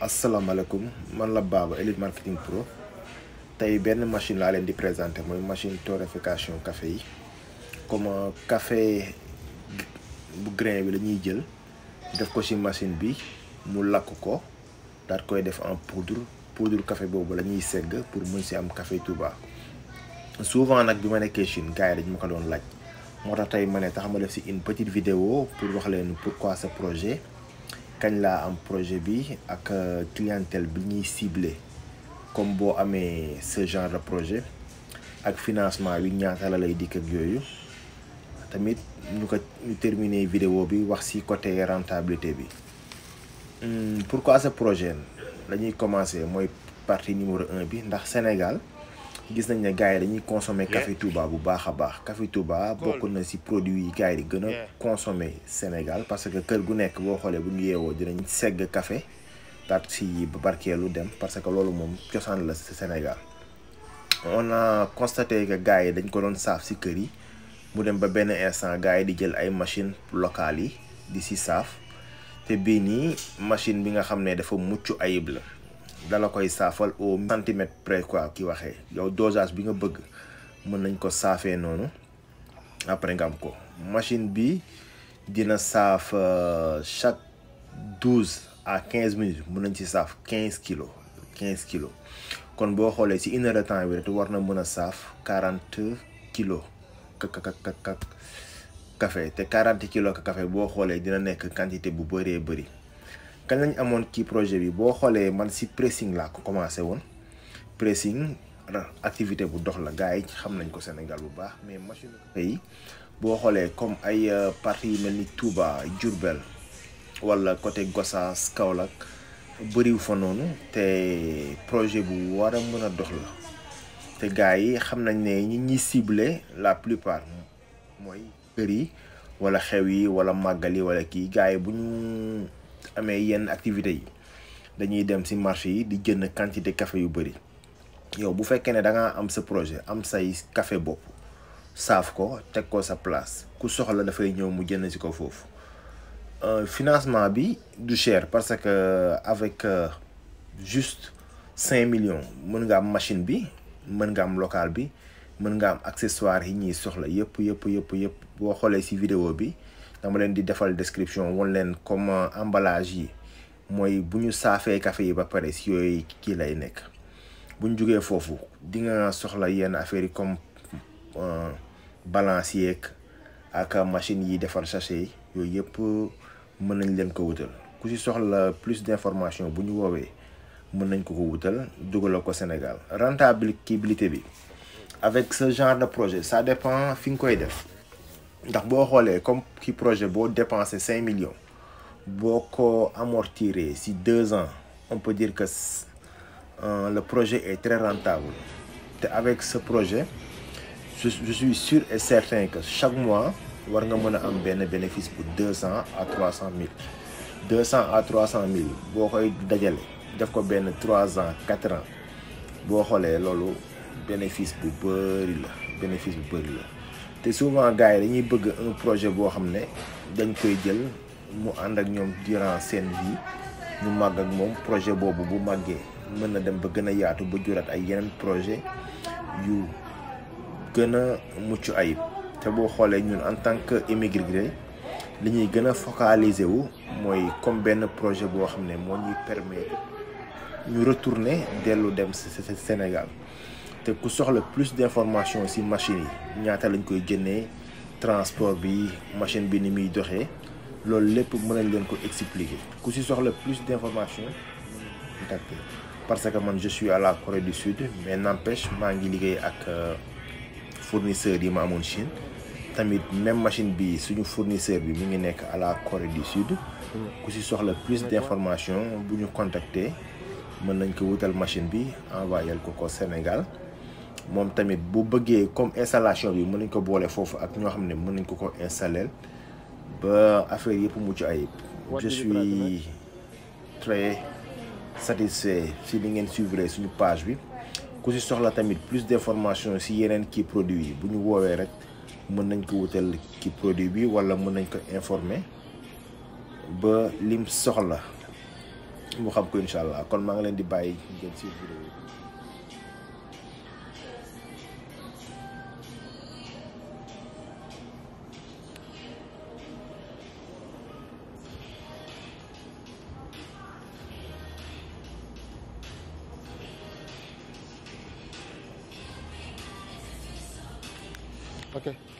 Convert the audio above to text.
asalaamaaleykum man la Baba Elite Marketing Pro tey ben machine à leen di présenter mooy machine torréfaction café yi comme euh, café bu grain bi la ñuy jël def machine bi mu coco. ko daal koy def en poudre poudre café bobo la ñuy pour mën un am café Touba souvent nag bi ma nekkee Chine gars yi dañ ma ko doon laaj tax une petite vidéo pour wax leen pourquoi ce projet quand la am projet bi ak euh, clientèle bi ni ciblé comme bo amé ce genre de projet ak financement bi ñaata la lay dik ak yoyu tamit ñu ko ñu terminer vidéo bi wax ci côté rentabilité bi hmm, pourquoi ce projet lañuy commencer moy partie numéro un bi ndax Sénégal gis nañ ne gars yi dañuy consommer café Touba bu baax a baax café Touba bokk na ci produit yi gars yi di gën a consommer Sénégal parce que kër gu nekk boo xoolee bu ñu yeewoo dinañ segg café taat ci barkeelu dem parce que loolu moom cosaan la ci Sénégal on a constaté que gars yi dañ ko doon saaf ci kër yi mu dem ba benn instant gars yi di jël ay machine locales yi di ci saaf te bii nii machine bi nga xam ne dafa mucc ayib la dala koy saafal au centimètre près quoi ki waxee yow dosage bi nga bëgg mën nañ ko saafee noonu après nga am ko machine bi dina saaf euh, chaque douze à quinze minutes mën nañ ci saaf quinze kilos quinze kilos kon boo xoolee ci une heure rek war na mën a saaf quarante kilos kakakakak café te quarante kilos café boo xoolee dina nekk quantité bu bëree bëri kañ lañ amoon ci projet bi bo xolé man ci pressing la ko commencé won pressing activité bu dox la gaay yi xam nañ ko Sénégal bu baax mais machine yi boo xoolee comme ay euh, parti yu ni Touba djourbel wala côté Gossas Kaolack bëriw fa noonu té projet bu wara mëna dox la té gaay yi xam nañ né ñi ñi ciblé la plupart moy kër yi wala xew yi wala magali wala ki gaay yi bu ñu amee yenn activité yi dañuy dem ci marché yi di jënd quantité café yu bëri yow bu fekkee ne da ngaa am sa projet am say café bopp saaf ko teg ko sa place ku soxla dafay ñëw mu jënd ci ko foofu euh, financement bi du cher parce que euh, avec euh, juste cinq millions mën nga am machine bi mën nga am local bi mën nga am accessoire yi ñuy soxla yëpp yëpp yëpp yëpp boo xoolee ci vidéo bi dama leen di defal description won leen comment emballage yi mooy bu ñu café yi ba pare si yooyu qui lay nekk bu ñu jugee foofu di nga soxla yenn affaire yi comme euh, balancier, yeeg ak machine yi defar sachet yi yooyu y mën nañ mon ko wutal ku si soxla plus d'information bu ñu woowee mën nañ ko ko wutal dugalal Sénégal rentabilité bi avec ce genre de projet ça dépend fin quoi koy def si comme qui projet dépensé 5 millions boo ko amortiré si 2 ans on peut dire que euh, le projet est très rentable avec ce projet je, suis sûr et certain que chaque mois vous nga un bénéfice pour 200 à 300 000. 200 à 300 000, 3 ans 4 ans Vous avez un bénéfice bu bénéfice te souvent gars dañuy bëgg un projet bo xamné dañ koy jël mu and ak ñom durant seen vie ñu mag ak mom projet bobu bu màggee mëna dem ba gën yaatu ba jurat ay yeneen projet yu gëna muccu ayib té bo xolé ñun en tant que immigré li ñuy gëna focaliser wu moy comme benn projet bo xamné mo moo ñuy permettre ñu retourner delu dem Sénégal te le le plus d'informations sur machine ñata lañ koy transport bi machine bi ni mi doxé lool lepp mën leen ko expliquer ku ci plus d'informations Contactez parce que man je suis à la Corée du Sud mais n'empêche ma ngi liggéey ak euh, fournisseur yi ma amoon Chine tamit même machine bi suñu fournisseur bi mi ngi à la Corée du Sud ku ci le plus Vous buñu contacter mën nañ ko wutal machine bi envoyé ko ko Sénégal mom tamit bu bëggee comme installation bi mën nañ ko boole foofu ak ñoo xam ne mën nañ ko ko installer ba affaire yëpp mucc ayib je suis très satisfait si li ngeen suivre suñu page bi ku si soxla tamit plus d'informations si yeneen kii produit yi bu ñu woowee rek mën nañ ko wutal ki produit bi wala mën nañ ko informer ba lim soxla mu xam ko incha allah kon maa ngi leen di bàyyi ngeen suivre Okay.